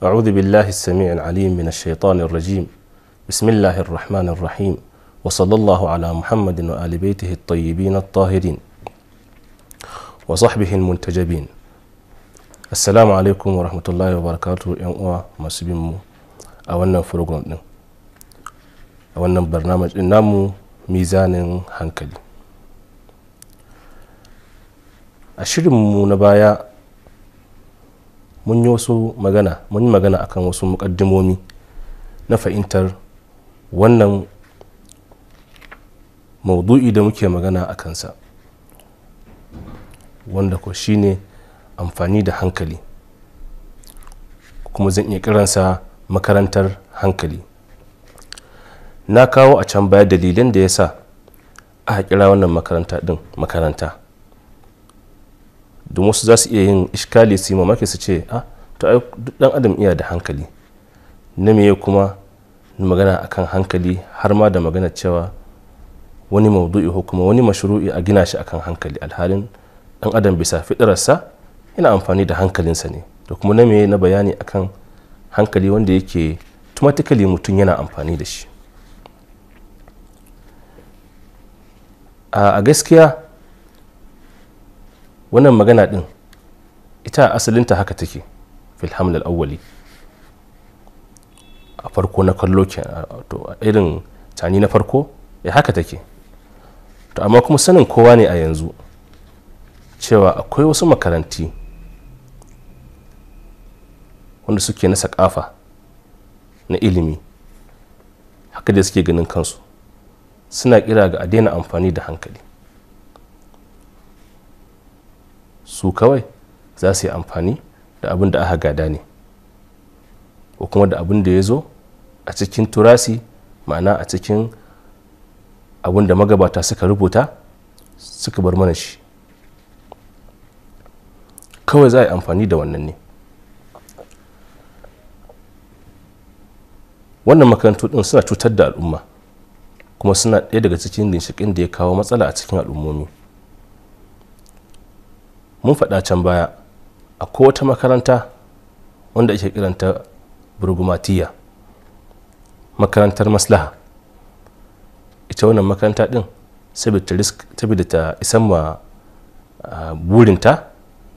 أعوذ بالله السميع العليم من الشيطان الرجيم بسم الله الرحمن الرحيم وصلى الله على محمد وآل بيته الطيبين الطاهرين وصحبه المنتجبين السلام عليكم ورحمة الله وبركاته يوم أوا مسبيم أولنا فرقنا أولنا برنامج إنامو ميزان هنكلي أشير shirinmu نبايا mun yi wasu magana mun yi magana akan wasu mukaddimomi na fahimtar wannan maudu'i da muke magana a kansa wanda ko shine amfani da hankali kuma zan iya kiransa makarantar hankali na kawo a can baya dalilan da ya sa aka kira wannan makaranta din makaranta da wasu za su iya yin iskali su yi mamaki su ce a ah, to dan adam iya da hankali na meye kuma magana akan hankali har ma da magana cewa wani maudu'i ko kuma wani mashru'i a gina shi akan hankali alhalin dan adam bisa fiɗararsa yana amfani da hankalinsa ne to kuma na meye na bayani akan hankali wanda yake tumatikali mutum yana amfani da shi a gaskiya wannan magana din ita asalinta haka take fil hamlal awwali a farko na kallo ke irin tani na farko ya eh, haka take to amma kuma sanin kowa ne a yanzu cewa akwai wasu makaranti wanda suke na sakafa na ilimi haka da suke ganin kansu suna kira ga a daina amfani da hankali su kawai za su yi amfani da abin da aka gada ne ko kuma da abin da ya zo a cikin turasi ma'ana a cikin abin da magabata suka rubuta suka bar mana shi kawai za a yi amfani da wannan ne wannan makarantu din suna cutar da al'umma kuma suna ɗaya daga cikin ginshiƙin da ya kawo matsala a cikin al'ummomi mun faɗa can baya a wata makaranta wanda ake kiranta burgumatiya makarantar maslaha ita wannan makaranta ɗin saboda ta isan ma burinta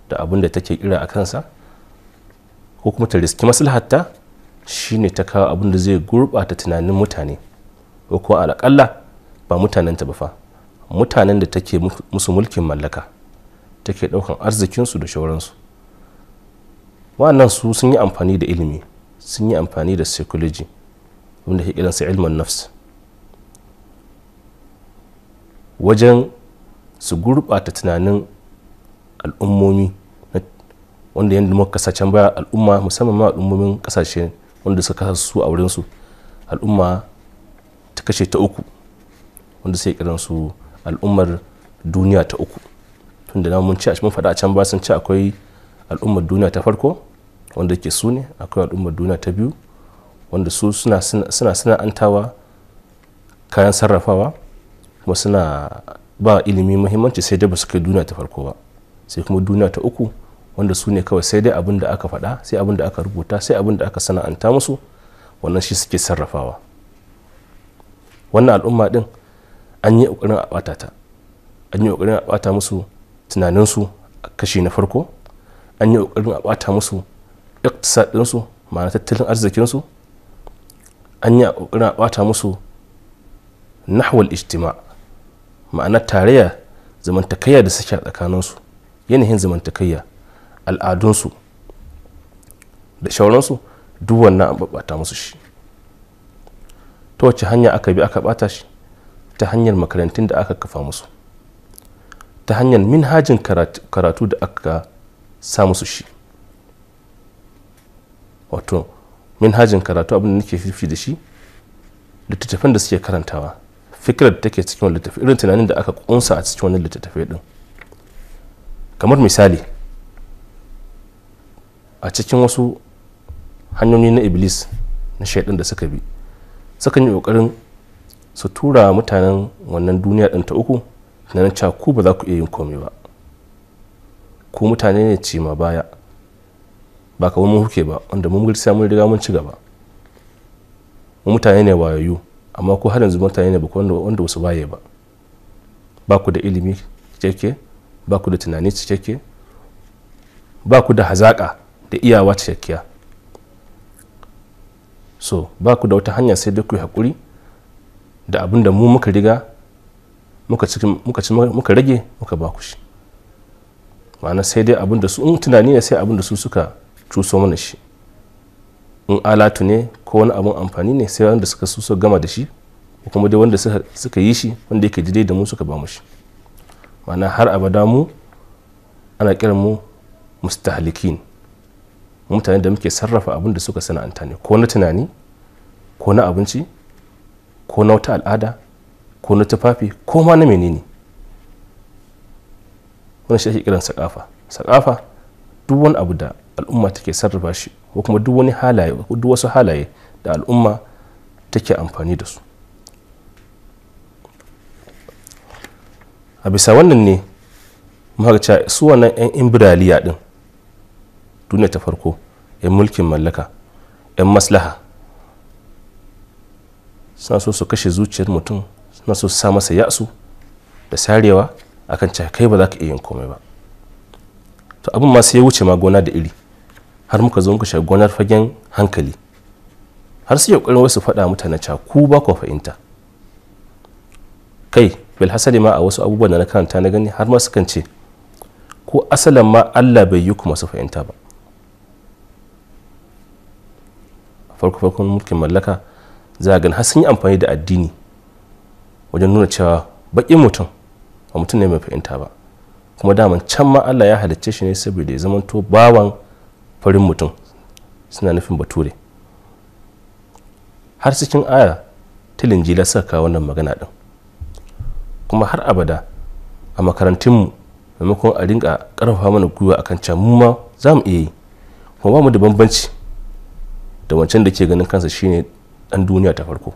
da abin da take kira a kansa ko kuma ta riski maslahatta shine ta kawo abin da zai gurɓata tunanin mutane ko kuma alaƙalla ba mutanenta ba fa mutanen da take musu mulkin mallaka take daukan arzikinsu da shauransu wa'annan su sun yi amfani da ilimi sun yi amfani da psychology wanda ke kiransa ilmin nafs wajen su gurɓata tunanin al'ummomi wanda yadda muka sace baya al'umma musamman ma al'ummomin kasashe wanda suka kasa su a wurinsu al'umma ta kashe ta uku wanda sai kiransu al'ummar duniya ta uku tun da mun ci a mun faɗa a can ba sun ci akwai al'ummar duniya ta farko wanda ke su ne akwai al'ummar duniya ta biyu wanda su suna sana'antawa kayan sarrafawa kuma suna ba ilimi muhimmanci sai dai ba su kai duniya ta farko ba sai kuma duniya ta uku wanda su ne kawai sai dai abin da aka faɗa sai abin da aka rubuta sai abin da aka sana'anta musu wannan shi suke sarrafawa wannan al'umma din an yi ƙoƙarin a ɓata ta an yi ƙoƙarin a ɓata musu tunaninsu a kashi na farko an yi ƙoƙarin a ɓata musu iktisad ɗinsu ma'ana tattalin arzikinsu an yi ƙoƙarin a bata musu nahwal ijtima ma'ana tarayya zamantakayya da suke tsakaninsu yanayin zamantakayya al'adunsu da shauransu duk wannan an ɓaɓɓata musu shi ta wacce hanya aka bi aka ɓata shi ta hanyar makarantun da aka kafa musu ta hanyar minhajin karatu da aka sa musu shi wato minhajin karatu abin da nake fifi da shi littattafan da suke karantawa fikirar da take cikin wani littafi irin tunanin da aka kunsa a cikin wani littattafai din kamar misali a cikin wasu hanyoyi na iblis na shaidan da suka bi sukan yi kokarin su tura mutanen wannan duniya ɗin ta uku na nan cewa ku ba za ku iya yin komai ba ku mutane ne ci ma baya ba kamar mun huke ba wanda mun gursa mun riga mun ci gaba mu mutane ne wayoyu amma ku har yanzu mutane ne ku wanda wasu baye ba ba ku da ilimi cikakke ba ku da tunani cikakke ba ku da hazaka da iyawa cikakkiya so ba ku da wata hanya sai dai ku yi haƙuri da abin da mu muka riga muka rage muka ba ku shi ma'ana sai dai abin su tunani ne sai abin da su suka cuso mana shi in alatu ne ko wani abin amfani ne sai wanda suka suka gama da shi kuma dai wanda suka yi shi wanda yake dai da mu suka ba mu shi ma'ana har abada mu ana kiran mu mustahlikin mutane da muke sarrafa abin da suka sana'anta ne ko na tunani ko na abinci ko na wata al'ada ko na tufafi ko ma na menene wani shi ake kiran sakafa sakafa duk wani abu da al'umma take sarrafa shi ko kuma duk wani halaye ko duk wasu halaye da al'umma take amfani da su a bisa wannan ne mahalarci su wannan 'yan imbiraliya din duniya ta farko 'yan mulkin mallaka 'yan maslaha suna so su kashe zuciyar mutum suna so sa masa yatsu da sarewa akan cewa kai ba za ka iya yin komai ba to abin ma sai ya wuce ma gona da iri har muka zo muka shiga gonar fagen hankali har sai kokarin wasu faɗa mutane cewa ku ba ku fahimta kai hasali ma a wasu abubuwan da na karanta na gani har ma sukan ce ko asalin ma allah bai yi ku masu fahimta ba farko farkon mulkin mallaka za a gani har sun yi amfani da addini wajen nuna cewa baƙin mutum a mutum ne mai fahimta ba kuma daman can ma allah ya halicce shi ne saboda ya zamanto bawan farin mutum suna nufin bature har cikin aya ta linjila suka kawo wannan magana din kuma har abada a makarantunmu maimakon a rinka karfafa mana gwiwa akan can mu ma za mu iya yi kuma ba mu da bambanci da wancan da ke ganin kansa shine dan duniya ta farko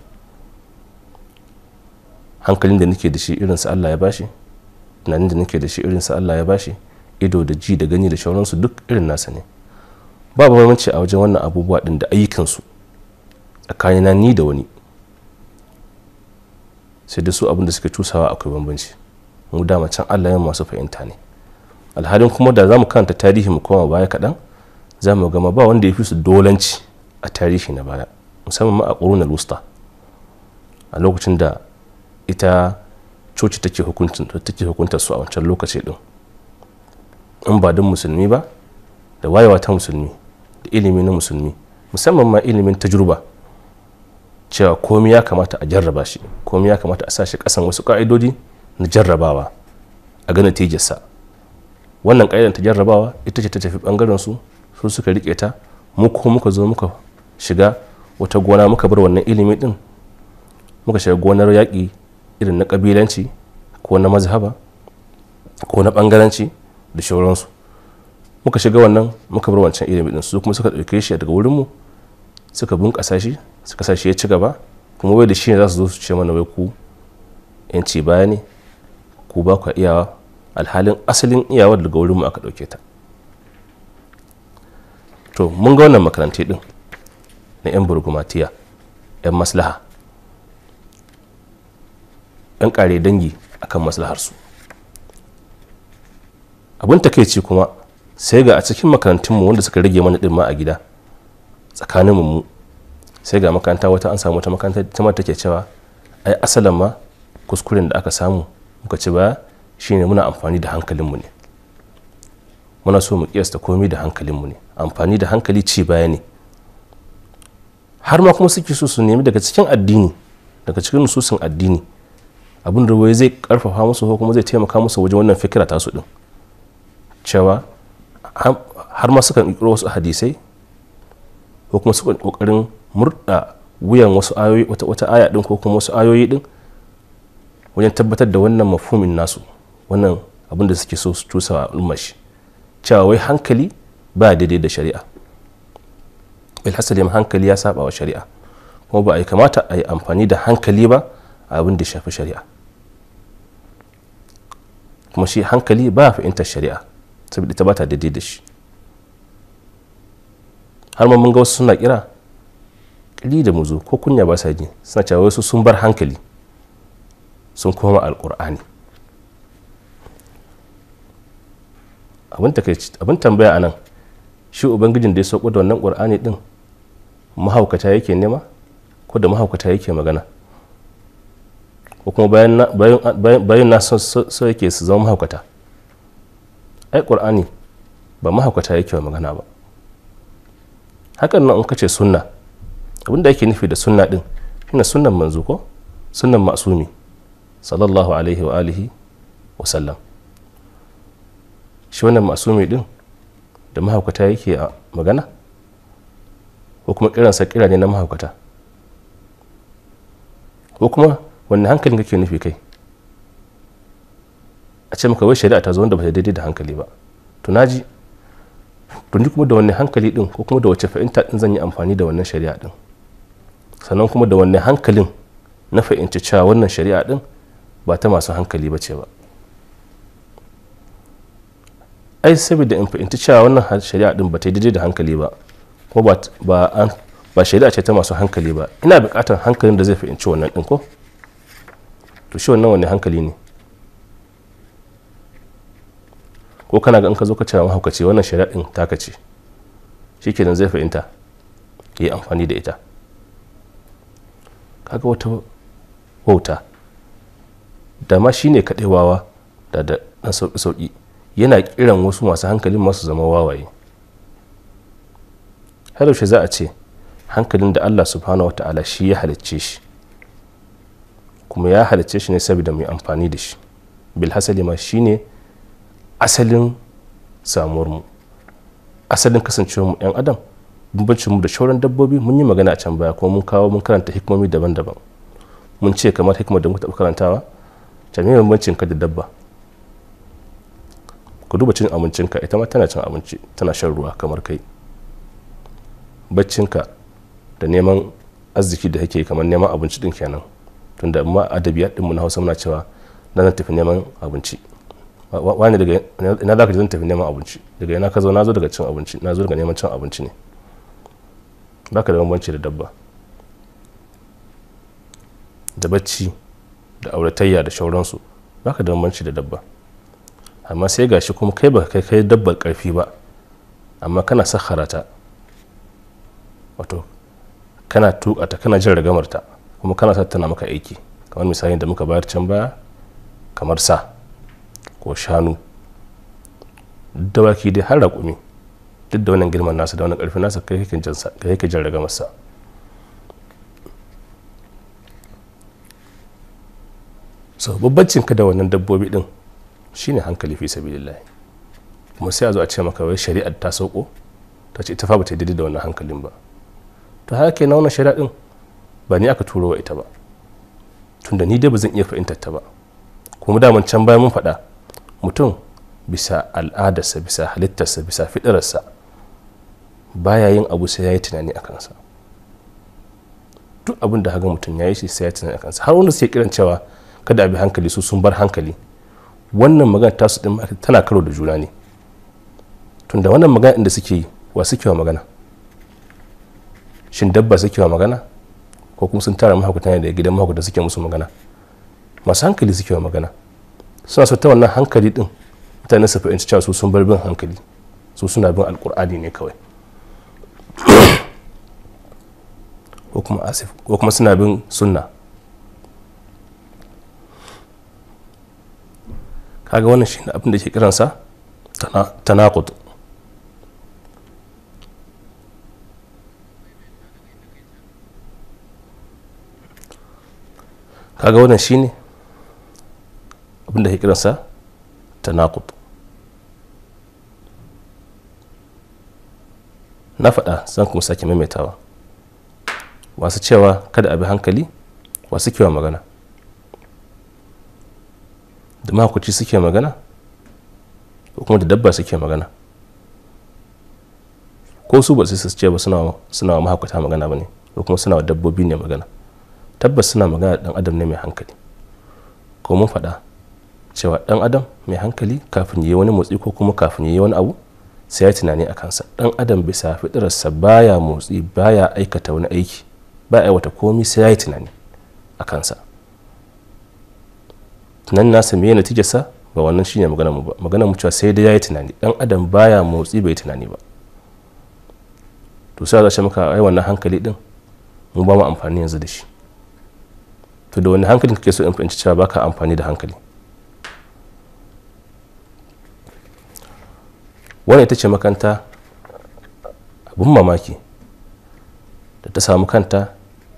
hankalin da nake da shi irin su Allah ya bashi tunanin da nake da shi irin su Allah ya bashi ido da ji da gani da shauransu duk irin nasa ne ba bambanci a wajen wannan abubuwa din da ayyukan su ayyukansu na ni da wani sai da su abin da suke cusawa akwai bambanci mu dama can Allah ya masu fahimta ne alhalin kuma da zamu karanta tarihi mu koma baya kaɗan zamu mu gama ba wanda ya fi su dolanci a tarihi na baya musamman ma a ƙorunar wusta a lokacin da ita coci take hukunta su a wancan lokaci din in ba dan musulmi ba da wayewa ta musulmi da ilimi na musulmi musamman ma ilimin tajruba cewa komi ya kamata a jarraba shi komi ya kamata a sa kasan wasu ka'idodi na jarrabawa a ga natijarsa wannan ka'idar ta jarrabawa ita ce ta tafi bangaren su su suka rike ta mu ko muka zo muka shiga wata gona muka bar wannan ilimi din muka shiga gonar yaƙi irin na kabilanci ko na mazhaba ko na bangaranci da shauransu muka shiga wannan muka bar wancan ilimi din su kuma suka ɗauke shi daga wurinmu suka bunƙasa shi suka sa ya ci gaba kuma wai da shi ne za su zo su ce mana wai ku yanci baya ne ku ba ku iyawa alhalin asalin iyawar daga wurinmu aka ɗauke ta to mun ga wannan makarantai din na 'yan burgumatiya 'yan maslaha 'yan kare dangi akan maslaharsu abin takaici kuma sai ga a cikin makarantunmu wanda suka rage mana ɗin a gida tsakanin mu sai ga makaranta wata an samu wata makaranta ta mata take cewa ai asalin ma kuskuren da aka samu muka ci baya shine muna amfani da hankalinmu ne muna so mu kiyasta komai da hankalinmu ne amfani da hankali ci baya ne har ma kuma suke so su nemi daga cikin addini daga cikin nususin addini abin da wai zai karfafa musu ko kuma zai taimaka musu wajen wannan fikira ta su din cewa har ma sukan kiro wasu hadisai ko kuma sukan kokarin murda wuyan wasu ayoyi wata aya din ko kuma wasu ayoyi din wajen tabbatar da wannan mafhumin nasu wannan abin da suke so su tusa wa al'ummar cewa wai hankali ba daidai da shari'a ma hankali ya saba wa shari'a kuma ba a kamata a yi amfani da hankali ba abin da shafi shari'a kuma shi hankali ba fahimtar shari'a saboda ita ba ta daidai da shi har mun ga wasu suna kira kiri da muzu ko kunya ba sa ji suna cewa wasu sun bar hankali sun koma alkur'ani abin tambaya a nan shi ubangijin da ya sauko da wannan ƙur'ani din mahaukata yake nema ko da mahaukata yake magana ko kuma bayan na so yake su zama mahaukata ai ƙur'ani ba mahaukata yake wa magana ba hakan nan in ka ce sunna abinda yake nufi da sunna din shine sunan manzo ko sunnan masumi sallallahu alaihi wa alihi wa sallam shi wannan masumi din da mahaukata yake a magana ko kuma kiransa kira ne na mahaukata ko kuma wannan hankalin kake nufi kai a ce maka wai shari'a ta zo wanda ba ta daidai da hankali ba to naji to ni kuma da wannan hankali din ko kuma da wace fa'inta din zan yi amfani da wannan shari'a din sannan kuma da wannan hankalin na fahimci cewa wannan shari'a din ba ta masu hankali ba ce ba ai saboda in fahimci cewa wannan shari'a din ba ta daidai da hankali ba ko ba ba shari'a ce ta masu hankali ba ina buƙatar hankalin da zai fahimci wannan din ko to shi wannan wani hankali ne ko kana ga in ka zo ka ce mahaukaci wannan shari'a ɗin ka ce shi kenan zai fahimta ya yi amfani da ita kaga wata wauta da ma shi ne kaɗai wawa da da ɗan sauƙi yana kiran wasu masu hankalin masu zama wawaye har za a ce hankalin da allah subhanahu wa ta'ala shi ya halicce shi kuma ya halicce shi ne saboda mai amfani da shi bilhassali ma shi ne asalin samuwar mu asalin kasancewar mu 'yan adam bambancin mu da shauran dabbobi mun yi magana a can baya kuma mun kawo mun karanta hikimomi daban-daban mun ce kamar hikimar da muka karantawa ta me bambancin ka da dabba ka duba cin abincinka ita ma tana cin abinci tana shan ruwa kamar kai baccinka da neman arziki da kake kamar neman abinci din kenan tunda ma adabiyat din mu na Hausa muna cewa na zan tafi neman abinci wani daga ina za ka je zan tafi neman abinci daga ina ka zo na zo daga cin abinci na zo daga neman cin abinci ne baka da bambanci da dabba da bacci da auratayya da shauransu baka da bambanci da dabba amma sai gashi kuma kai ba kai kai dabbar karfi ba amma kana sakharata ta wato kana tuƙata kana jin ragamarta kuma kana sa tana maka aiki kamar misali da muka bayar can baya kamar sa ko shanu dawaki dai har raƙumi duk da wannan girman nasa da wannan ƙarfin nasa kai yake jan raga masa so babbacin ka da wannan dabbobi din shine hankali fi sabilillah kuma sai a zo a ce maka wai shari'ar ta sauko ta ce ita fa bata daidai da wannan hankalin ba to haka kenan wannan shari'a din ba ni aka turo wa ita ba tunda ni dai ba zan iya fahimtar ta ba kuma daman can bayan mun faɗa mutum bisa al'adarsa bisa halittarsa bisa fidararsa baya yin abu sai ya yi tunani a kansa duk abin da haga mutum ya yi shi sai ya tunani a kansa har wanda suke kiran cewa kada a bi hankali su sun bar hankali wannan magana tasu din tana karo da juna ne tunda wannan magana inda suke yi wa suke wa magana shin dabba suke wa magana ko kuma sun tara mahaukata ne da gidan mahaukata suke musu magana masu hankali suke wa magana suna so ta wannan hankali din mutane su fahimci cewa su sun bar bin hankali su suna bin alkur'ani ne kawai ko kuma suna bin sunna kaga wannan shi abin da ke kiransa tanakut kaga wannan shine abinda ke kiransa tanaqud na faɗa zan kuma sake maimaitawa masu cewa kada abi hankali wasu kewa magana da mahakuci suke magana ko kuma da dabba suke magana ko su ba su ce ba suna wa mahakuta magana ba ne ko kuma suna wa dabbobi ne magana tabbas suna magana dan adam ne mai hankali ko mun faɗa cewa dan adam mai hankali kafin ya yi wani motsi ko kuma kafin ya yi wani abu sai ya tunani a kansa dan adam bisa fitararsa baya motsi baya aikata wani aiki ba aiwata komi sai ya yi tunani a kansa tunanin nasa me sa ba wannan shine magana mu ba magana mu cewa sai dai ya yi tunani dan adam baya motsi bai tunani ba to sai za maka ai wannan hankali din mu ba mu amfani yanzu da shi to da wani hankali kake so in fahimci cewa baka amfani da hankali wani ita ce makanta abin mamaki da ta samu kanta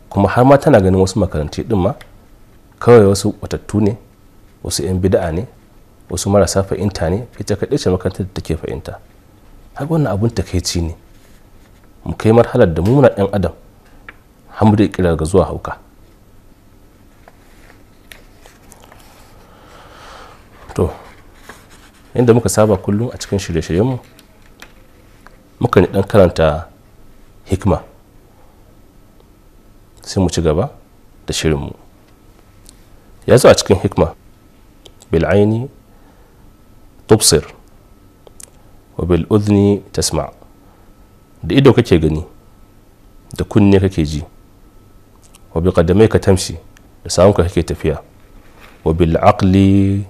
kuma har ma tana ganin wasu makarantu din ma kawai wasu watattu ne wasu 'yan bida'a ne wasu marasa fahimta ne ita kaɗai ce makarantar da take fahimta har wannan abun takaici ne mu kai marhalar da mu muna 'yan adam har mu ga zuwa hauka to inda muka saba kullum a cikin shirye-shiryenmu muka dan karanta hikma sai mu ci gaba da shirinmu ya zo a cikin hikma bil'aini tubsir wa bil'udni tasma da ido kake gani da kunne kake ji wa bi ka tamshi da ka kake tafiya wa bil'aqli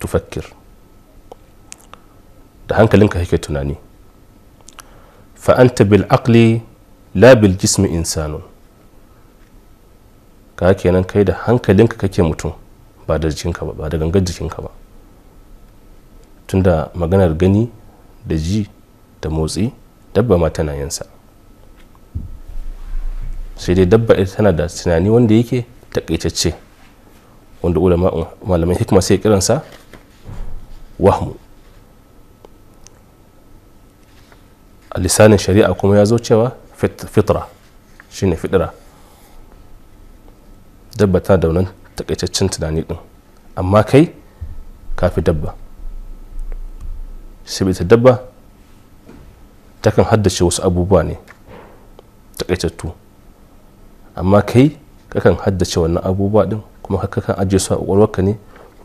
tufakkir da hankalinka kake tunani fa'anta bil aqli jismi insanu ka kenan kai da hankalinka kake mutum ba da jikinka ba ba da gangar jikinka ba tunda maganar gani da ji da motsi dabba ma tana yansa sai dai dabba ita tana da tunani wanda yake takaitacce wanda malamai hikima sai kiransa wahmu a lisanin shari'a kuma ya zo cewa fitra shine fitra dabba ta da takaitaccen tunani din amma kai kafi dabba sai ita dabba takan haddace wasu abubuwa ne takaitattu amma kai kakan haddace wannan abubuwa din kuma kakan ajiye su a ƙwarwarka ne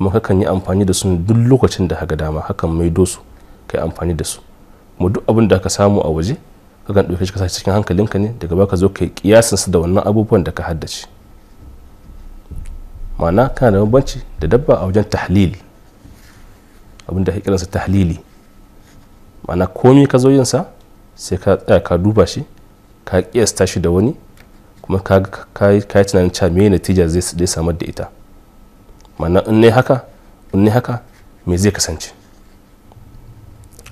kuma kakan yi amfani da su duk lokacin da haka dama hakan maido su kai amfani da su kuma duk abin da ka samu a waje kakan ɗauke shi ka cikin hankalinka ne daga baka zo kai kiyasin su da wannan abubuwan da ka haddace ma'ana kana da bambanci da dabba a wajen tahlil abin da ake kiransa tahlili ma'ana komai ka zo yin sa sai ka tsaya ka duba shi ka kiyasta shi da wani kuma ka yi tunanin cewa me natija zai samar da ita mana in ne haka in ne haka me zai kasance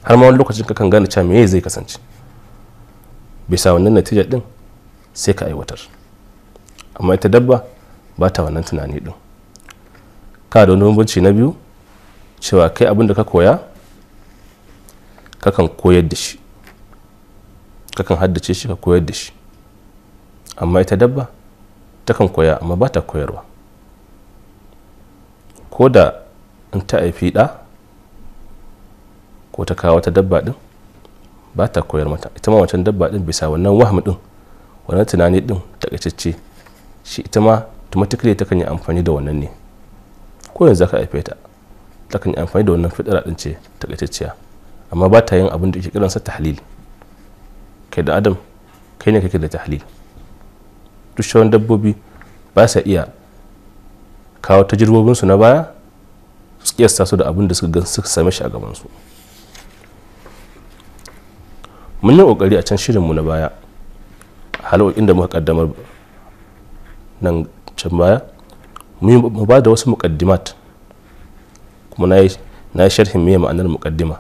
har ma wani lokacin ka kan gane cewa me zai kasance bisa wannan natija din sai ka aiwatar amma ita dabba ba ta wannan tunani din ka da wani bambanci na biyu cewa kai abin da ka koya kakan koyar da shi kakan haddace shi ka koyar da shi amma ita dabba takan koya amma ba ta koyarwa ko da in ta haifi ɗa ko ta kawo wata dabba ɗin ba ta koyar mata ita ma wancan dabba ɗin bisa wannan wahm ɗin wannan tunani ɗin takaitacce shi ita ma automatically ta yi amfani da wannan ne ko yanzu ka haife ta ta yi amfani da wannan fitira ɗin ce takaitacciya amma ba ta yin abin da ke kiransa tahlil kai da adam kai ne kake da tahlil duk shawan dabbobi ba sa iya kawo tajirwobinsu na baya su kiyasta su da abin da suka gan suka same shi a gabansu mun yi kokari a can shirinmu na baya halawokin da muka kaddamar nan can baya mu ba da wasu mukaddimat kuma na yi sharhin me ma'anar mukaddima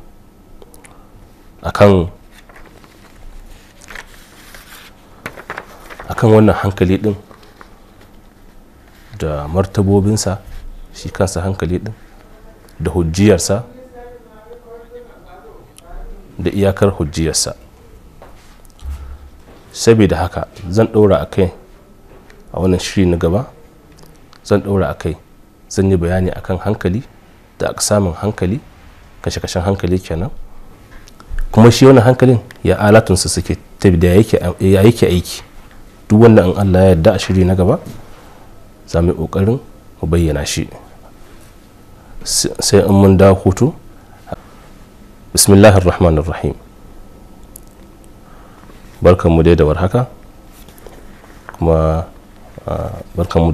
akan akan wannan hankali din da martabobinsa shi kansa hankali din da hujjiyarsa da iyakar hujjiyarsa saboda haka zan ɗora a kai a wannan shiri na gaba zan ɗora a kai zan yi bayani akan hankali da aksamin hankali kashe-kashen hankali kenan kuma shi wannan hankalin ya alatunsa suke tabi da ya yake aiki duk wannan in allah ya yarda a shiri na gaba za mu yi ƙoƙarin mu bayyana shi sai in mun dawo hutu bismillahir rahmanir rahim barkanmu dai da warhaka kuma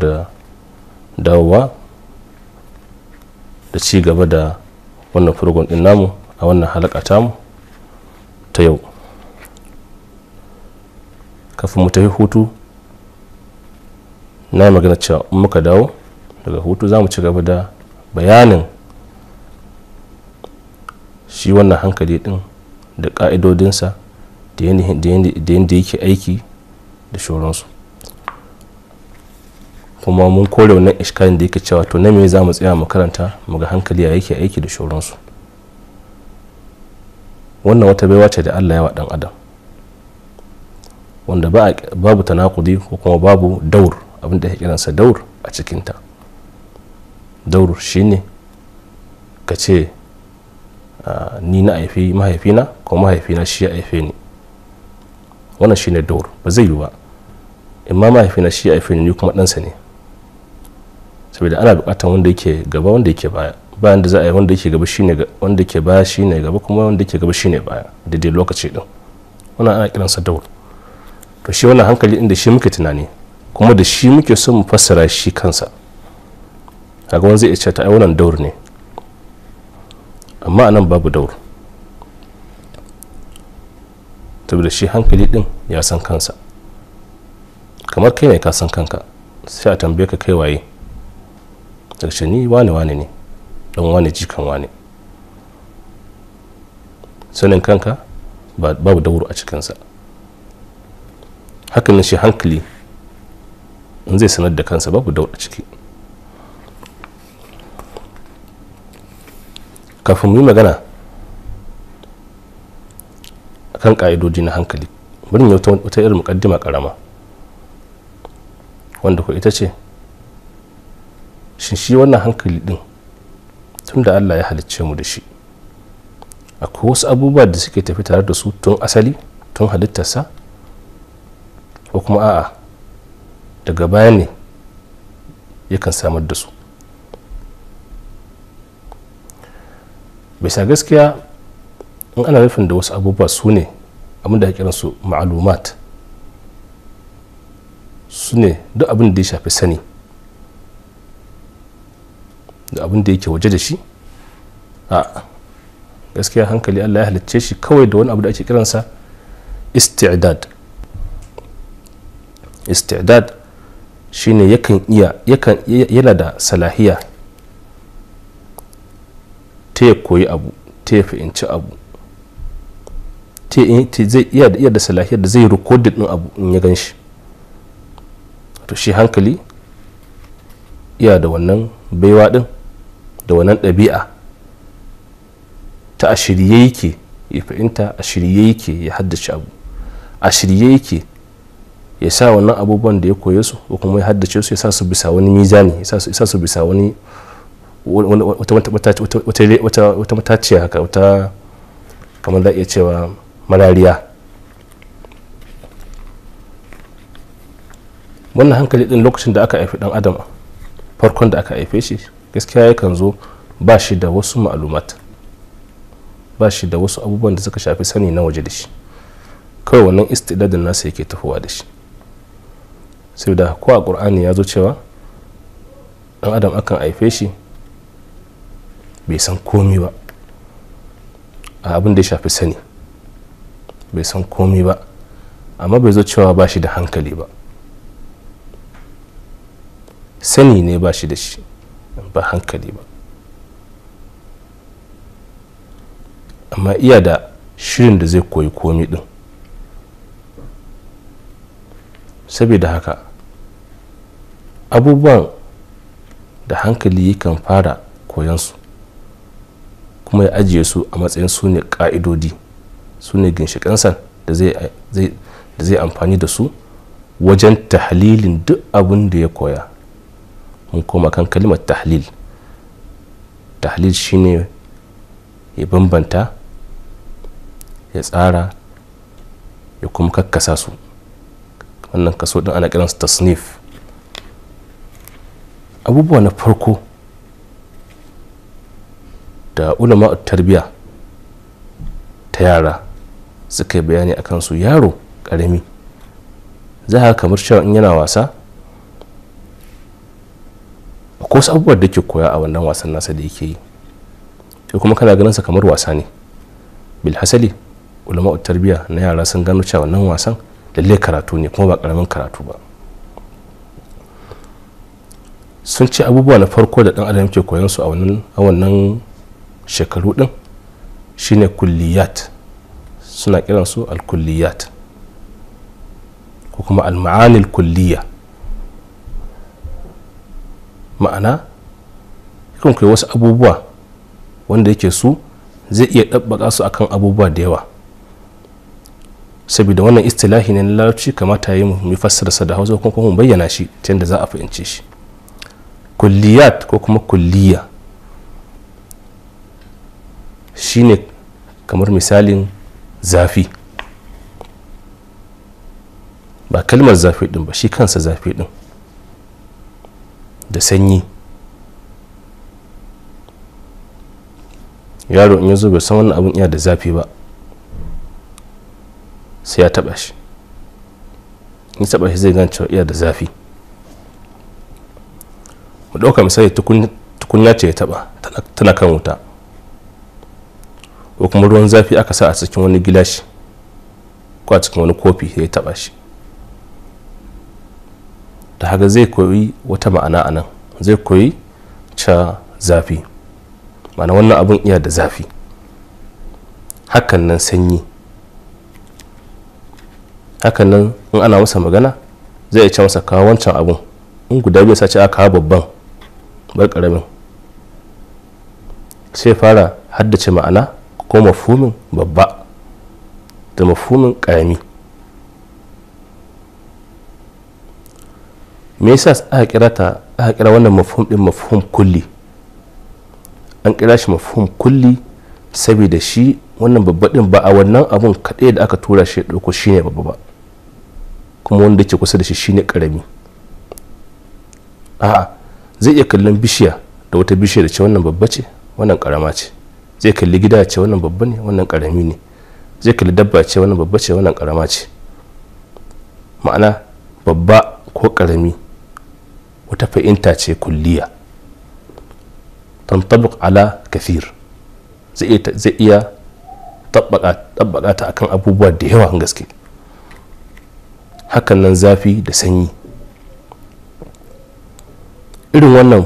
da dawowa da ci gaba da wannan furgon din namu a wannan halaka tamu ta yau kafin mu tafi hutu na yi magana cewa in muka dawo daga hutu za mu ci gaba da bayanin shi wannan hankali din da ƙa'idodinsa da yadda yake aiki da shoransu kuma mun kore wannan iskalin da yake cewa to na me za mu tsaya mu karanta mu ga hankali ya yake aiki da shoransu wannan wata baiwa ce da allah yawa dan adam wanda babu tanakudi ko kuma babu daur abin da ya kiransa daur a cikinta daur shine ka ce ah, ni na haifi mahaifina kuma mahaifina shi ya haife ni wannan shi ne daur ba zai yi ba in ma mahaifina shi ya haife ni kuma ɗansa ne saboda ana buƙatar wanda yake gaba wanda yake baya bayan da za a yi wanda yake gaba ne wanda yake baya shine gaba kuma wanda yake gaba shine baya daidai lokaci din wannan ana kiransa daur to shi wannan hankali inda shi muke tunani kuma da shi muke son mu fassara shi kansa kaga wani zai iya ta ai wannan daur ne amma anan babu daur saboda shi hankali din ya san kansa kamar kai ne ka san kanka sai a tambaye ka kai waye daga ni wane wane ne dan wane jikan wane sanin kanka babu dauro a cikinsa hakan shi hankali in zai sanar da kansa babu dauda ciki kafin mu yi magana kan ka'idoji na hankali bari yau wata irin mukaddima karama wanda ko ita ce shin shi wannan hankali din tun da allah ya halicce mu da shi akwai wasu abubuwa da suke tafi tare da su tun asali tun halittarsa ko kuma a'a daga baya ne yakan samar da su bisa gaskiya in ana nufin da wasu abubuwa su ne abinda ya kiransu ma'alumat su ne duk abin da ya shafi sani da abin da yake waje da shi a gaskiya hankali allah ya halicce shi kawai da wani abu da ake kiransa istidad istidad shine yakan iya yakan yana da salahiya ta ya koyi abu ta ya fahimci abu ta zai iya da salahiyar da zai rikodin din abu in ya gan shi to shi hankali iya da wannan baiwa din da wannan ɗabi'a ta a shirye yake ya fahimta a shirye yake ya haddace abu a shirye yake ya sa wannan abubuwan da ya koye su ko kuma ya haddace su ya sa su bisa wani mizani ya sa su bisa wani wata mataciya haka wata kamar da iya cewa marariya wannan hankali din lokacin da aka haifi dan adam farkon da aka haife shi gaskiya yakan zo ba shi da wasu ma'alumat ba shi da wasu abubuwan da suka shafi sani na waje da shi kawai wannan istidadin nasa yake tafowa da shi da ko a ƙur'ani ya zo cewa ɗan adam akan haife shi bai san komi ba a abin da ya shafi sani bai san komi ba amma bai zo cewa ba shi da hankali ba sani ne ba shi da shi ba hankali ba amma iya da shirin da zai koyi komi din saboda haka abubuwan da hankali kan fara su kuma ya ajiye su a matsayin su ne ƙa'idodi su ne ginshiƙansa da zai amfani da su wajen tahlilin duk abin da ya koya mun koma kan kalimar tahlil tahlil shine ya bambanta ya tsara ya kuma kakkasa su wannan kaso ɗin ana kiransu tasnif abubuwa na farko da ulama tarbiya ta yara suka yi bayani a kansu yaro karami za a kamar cewa in yana wasa ko su abubuwa da ke koya a wannan wasan nasa da yake yi sai kuma kana ganin sa kamar wasa ne bilhassali ulama tarbiya na yara sun gano cewa wannan wasan lalle karatu ne kuma ba karamin karatu ba sun ce abubuwa na farko da dan adam ke koyon su a wannan shekaru din shine kulliyat suna kiransu alkulliyat ko kuma alma'anil kulliya ma'ana yakan koyi wasu abubuwa wanda yake su zai iya ɗabbaƙa su akan abubuwa da yawa saboda wannan istilahi ne na larabci kamata ya yi mu sa da hausa kuma mu bayyana shi ta yadda za a fahimce shi kulliyat ko kuma kulliya shine kamar misalin zafi ba kalmar zafi din ba shi kansa zafi din da sanyi yaro in ya zo bai san wani abin iya da zafi ba sai ya taba shi in taba shi zai gan cewa iya da zafi ba ɗauka misali tukunya ce ya taɓa tana kan wuta ko kuma ruwan zafi aka sa a cikin wani gilashi ko a cikin wani kofi ya taɓa shi da haka zai koyi wata ma'ana a nan zai koyi ca zafi ma'ana wannan abun iya da zafi hakan nan sanyi hakan nan in ana masa magana zai iya ce masa kawo wancan abun in guda biyu sace a aka babban bar karamin sai fara haddace ma'ana ko mafumin babba da mafumin karami me yasa aka kira ta aka kira wannan mafhum din mafhum kulli an kira shi mafhum kulli saboda shi wannan babba din ba a wannan abun kaɗai da aka tura shi ɗauko shi ne babba ba kuma wanda ke kusa da shi shine karami a'a zai iya kallon bishiya da wata bishiya da ce wannan babba ce wannan karama ce zai kalli gida ce wannan babba ne wannan karami ne zai kalli dabba ce wannan babba ce wannan karama ce ma'ana babba ko karami wata fahimta ce kulliya tantabuk ala kafir zai iya tabbaka ta akan abubuwa da yawa gaske hakan nan zafi da sanyi irin wannan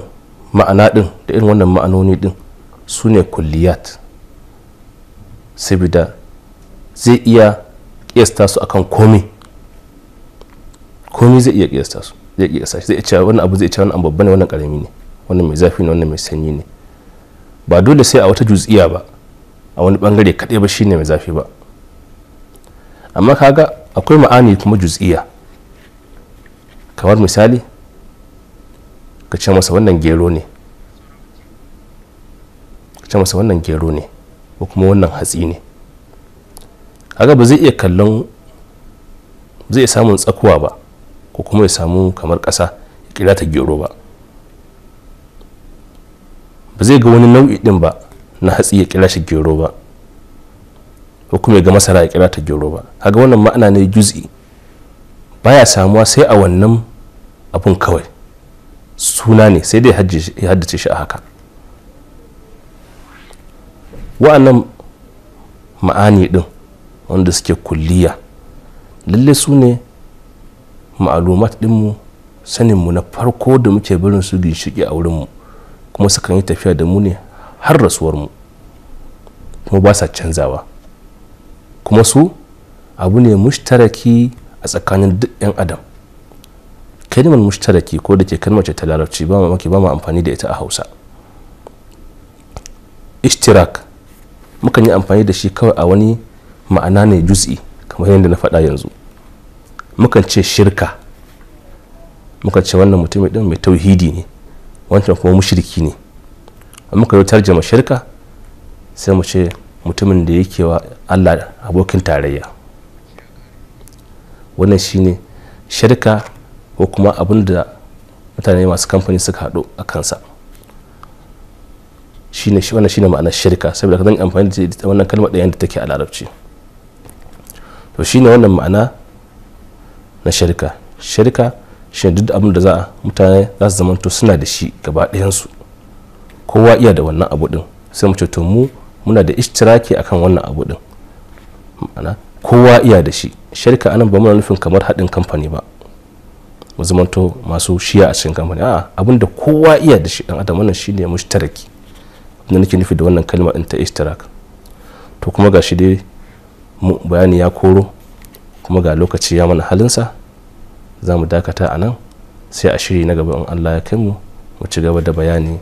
ma'ana din da irin wannan ma'anoni din su ne kulliyat saboda zai iya kiyasta su akan komi komi zai iya kiyasta su zai iya kiyasta zai iya wannan abu zai iya wannan babban ne wannan karami ne wannan mai zafi ne wannan mai sanyi ne ba dole sai a wata juziya ba a wani bangare kadai ba shine mai zafi ba amma kaga akwai ma'ani kuma juziya kamar misali ka ce masa wannan gero ne ka ce masa wannan gero ne ko kuma wannan hatsi ne haka ba zai iya kallon zai samun tsakuwa ba ko kuma ya samu kamar ƙasa ya kira ta gero ba ba zai ga wani nau'i din ba na hatsi ya kira shi gero ba ko kuma ya ga masara ya kira ta gero ba haka wannan ma'ana ne juz'i baya samuwa sai a wannan abun kawai suna ne sai dai ya haddace shi a haka wa'annan ma'ani din wanda suke kulliya lalle su ne ma'alumat dinmu saninmu na farko da muke barin su ginshiƙi a wurinmu kuma su kan yi tafiya da mu ne har rasuwarmu kuma ba sa canzawa kuma su abu ne mushtaraki a tsakanin duk 'yan adam kalimar mushtaraki ko da ke kalmar ce ta larabci ba mamaki ba mu amfani da ita a hausa ishtirak mukan yi amfani da shi kawai a wani ma'ana ne juz'i kamar yadda na faɗa yanzu mukan ce shirka mukan ce wannan mutum ɗin mai tauhidi ne wancan kuma mushriki ne muka yi tarjama shirka sai mu ce mutumin da yake wa allah abokin tarayya wannan shine shirka ko kuma abin da mutane masu kamfani suka haɗu a kansa shi wannan shine ma'anar shirka saboda ka zan amfani da wannan kalmar ɗayan da take a larabci to shine wannan ma'ana na shirka shirka shi duk abin da za a mutane za su zamanto suna da shi gaba ɗayansu kowa iya da wannan abu ɗin sai mu ce to mu muna da ishtiraki akan wannan abu ɗin ma'ana kowa iya da shi shirka anan ba muna nufin kamar haɗin kamfani ba mu zamanto masu shiya a cikin kamfani a abin da kowa iya da shi dan adam wannan shine mushtaraki na nake nufi da wannan kalma din ta ishtirak to kuma ga shi dai bayani ya koro kuma ga lokaci ya mana halinsa za mu dakata a nan sai a shiri na gaba in allah ya kai mu mu ci gaba da bayani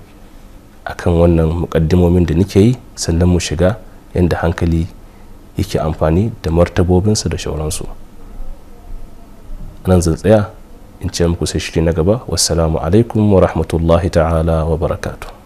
akan wannan mukaddimomin da nake yi sannan mu shiga yadda hankali yake amfani da martabobinsa da shauransu nan zan tsaya in ce muku sai shiri na gaba wassalamu alaikum wa rahmatullahi ta'ala wa barakatuh